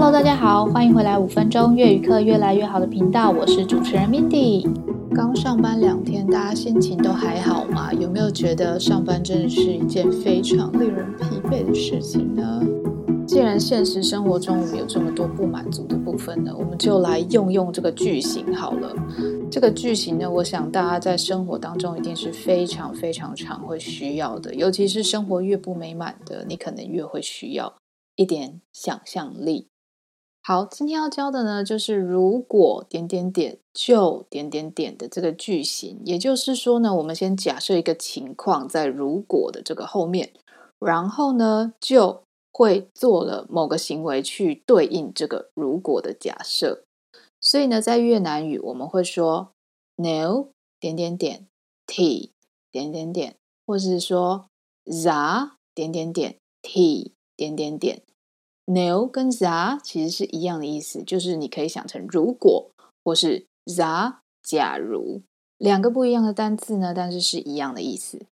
Hello，大家好，歡迎回來五分鐘越語課越來越好的頻道，我是主持人 Mindy。剛上班兩天，大家心情都還好嗎？有沒有覺得上班真的是一件非常令人疲憊的事情呢？既然現實生活中我們有這麼多不滿足的部分呢，我們就來用用這個句型好了。這個句型呢，我想大家在生活當中一定是非常非常常會需要的，尤其是生活越不美滿的，你可能越會需要一點想象力。好，今天要教的呢，就是如果點點點就點點點的這個句型。也就是說呢，我們先假設一個情況在如果的這個後面，然後呢就會做了某個行為去對應這個如果的假設。所以呢，在越南語我們會說 nếu 點點點 thì 點點點，或是說 giá 點點點 thì 點點點。Nếu 跟 Giá 其實是一樣的意思，就是你可以想成如果或是 Giá 假如，兩個不一樣的單字呢，但是是一樣的意思。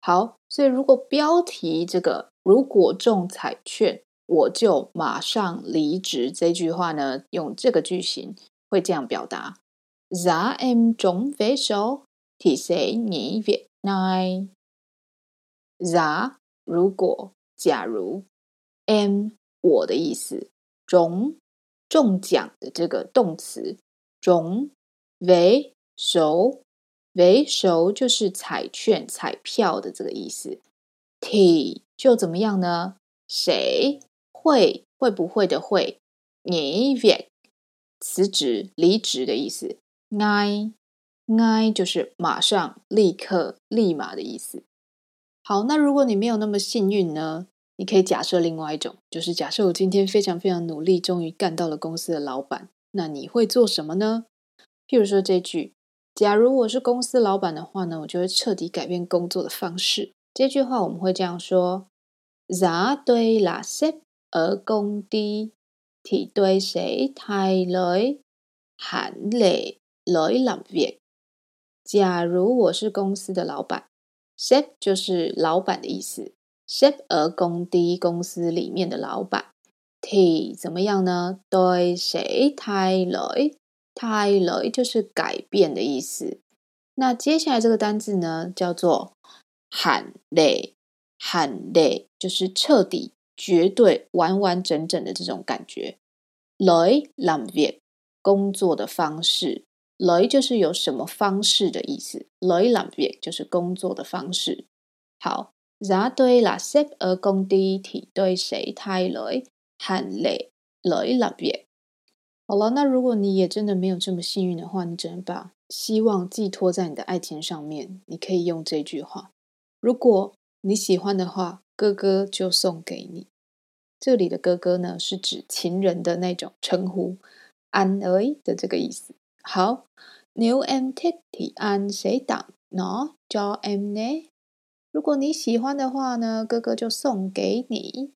好，所以如果標題這個如果中彩券我就馬上離職這句話呢，用這個句型會這樣表達：Giá em trúng vé số thì sẽ nghỉ việc ngay。Giá 如果、假如 em 我的意思，中中獎的這個動詞，中為熟為熟，就是彩券、彩票的這個意思 t 就怎麼樣呢，誰會會不會的會，你別辭職離職的意思挨，挨就是馬上立刻、立馬的意思。好，那如果你沒有那麼幸運呢？你可以假設另外一種，就是假設我今天非常非常努力，終於幹到了公司的老板。那你會做什麼呢？譬如說這句：“假如我是公司老板的話呢，我就會徹底改變工作的方式。”這句話我們會這樣說：Giá tôi là sếp ở công ty thì tôi sẽ thay đổi hẳn lề lối làm việc，假如我是公司的老板 sếp 就是老板的意思。十而工低公司裡面的老闆，T 怎麼樣呢？對誰太累？太累就是改變的意思。那接下來這個單字呢，叫做“喊累”，喊累就是徹底、絕對、完完整整的這種感覺。累 làm việc 工作的方式，累就是有什麼方式的意思。累 làm việc 就是工作的方式。好。Giá tôi là sếp ở công ty thì tôi sẽ thay đổi hẳn lề lối làm việc. 好了，那如果你也真的沒有這麼幸運的話，你只能把希望寄託在你的愛情上面。你可以用這句話：如果你喜歡的話，哥哥就送給你。這裡的哥哥呢，是指情人的那種稱呼，安而已的這個意思。好，nếu em thích thì anh sẽ tặng nó cho em nhé. 如果你喜歡的話呢，哥哥就送給你。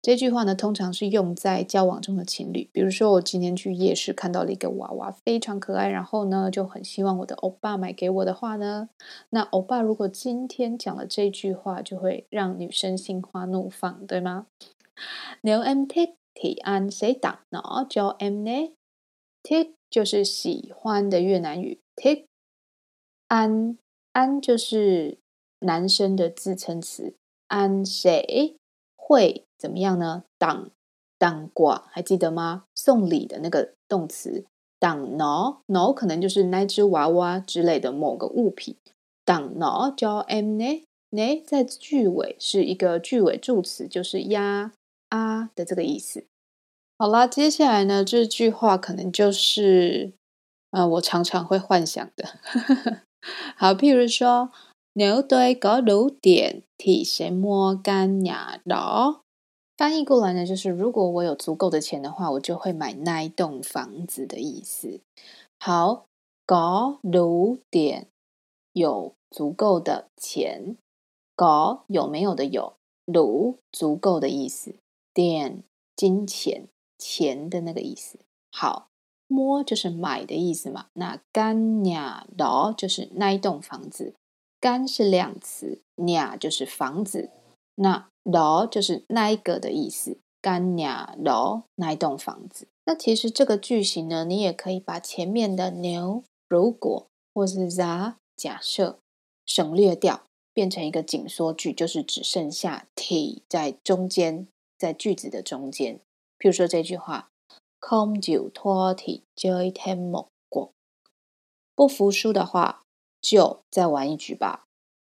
這句話呢，通常是用在交往中的情侶。比如說，我今天去夜市看到了一個娃娃，非常可愛，然後呢，就很希望我的歐巴買給我的話呢，那歐巴如果今天講了這句話，就會讓女生心花怒放，對嗎？Nếu em thích thì anh sẽ tặng nó cho em nhé. Thích 就是喜歡的越南語，thích, anh, anh 就是。男生的自稱詞安誰會怎麼樣呢？當當掛還記得嗎？送禮的那個動詞當撓、no, 撓、no、可能就是那隻娃娃之類的某個物品。當撓、no, 叫 m 呢？ne 在句尾是一個句尾助詞，就是呀啊的這個意思。好啦，接下來呢，這句話可能就是啊、呃，我常常會幻想的。 好，譬如說。牛堆高夠魯點，替誰摸干呀到，翻譯過來呢，就是如果我有足夠的錢的話，我就會買那一棟房子的意思。好，高魯點有足夠的錢，高有沒有的有魯足夠的意思，點金錢錢的那個意思。好，摸就是買的意思嘛。那干呀到就是那一棟房子。干是量詞，nhà 就是房子，那 đó 就是那一個的意思，干 nhà đó，那一棟房子。那其實這個句型呢，你也可以把前面的牛如果或是 za 假設省略掉，變成一個緊縮句，就是只剩下 t 在中間，在句子的中間。譬如說這句話，Không chịu thua thì chơi thêm một cuộc. 不服輸的話。就再玩一局吧。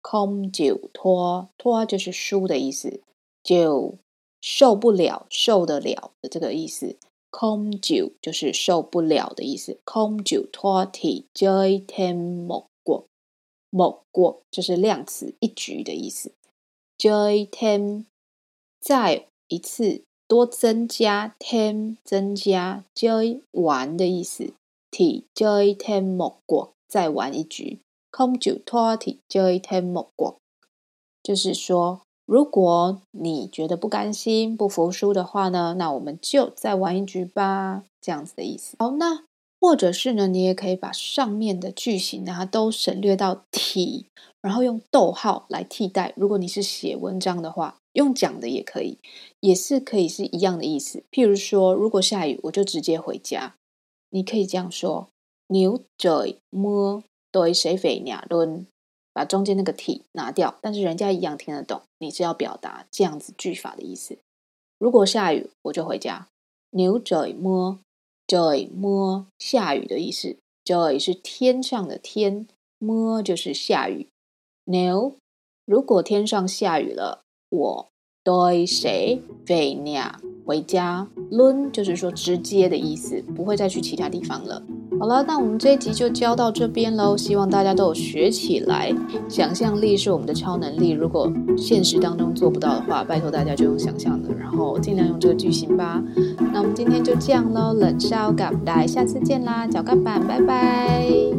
空酒拖拖就是輸的意思。就受不了，受得了的這個意思。空酒就是受不了的意思。空酒拖提 joy ten 木果，木果就是量詞一局的意思。joy ten 再一次多增加 ten 增加 joy 玩的意思。提 joy ten 木果再玩一局。Không chịu thua thì chơi thêm một cuộc. 就是說，如果你覺得不甘心、不服輸的話呢，那我們就再玩一局吧，這樣子的意思。好，那或者是呢，你也可以把上面的句型，然後都省略到體，然後用逗號來替代。如果你是寫文章的話，用講的也可以，也是可以是一樣的意思。譬如說，如果下雨，我就直接回家。你可以這樣說 Nếu trời mưa。」對誰飛鳥輪，把中間那個 thì 拿掉，但是人家一樣聽得懂。你只要表達這樣子句法的意思。如果下雨，我就回家。牛 joy 摸 joy 摸下雨的意思。joy 是天上的天，摸就是下雨。牛，如果天上下雨了，我對誰飛鳥回家輪，就是說直接的意思，不會再去其他地方了。好了，那我們這一集就教到這邊嘍。希望大家都有學起來。想象力是我們的超能力，如果現實當中做不到的話，拜托大家就用想象的，然後盡量用這個句型吧。那我們今天就這樣嘍，冷燒嘎不帶，下次見啦，攪拌板，拜拜。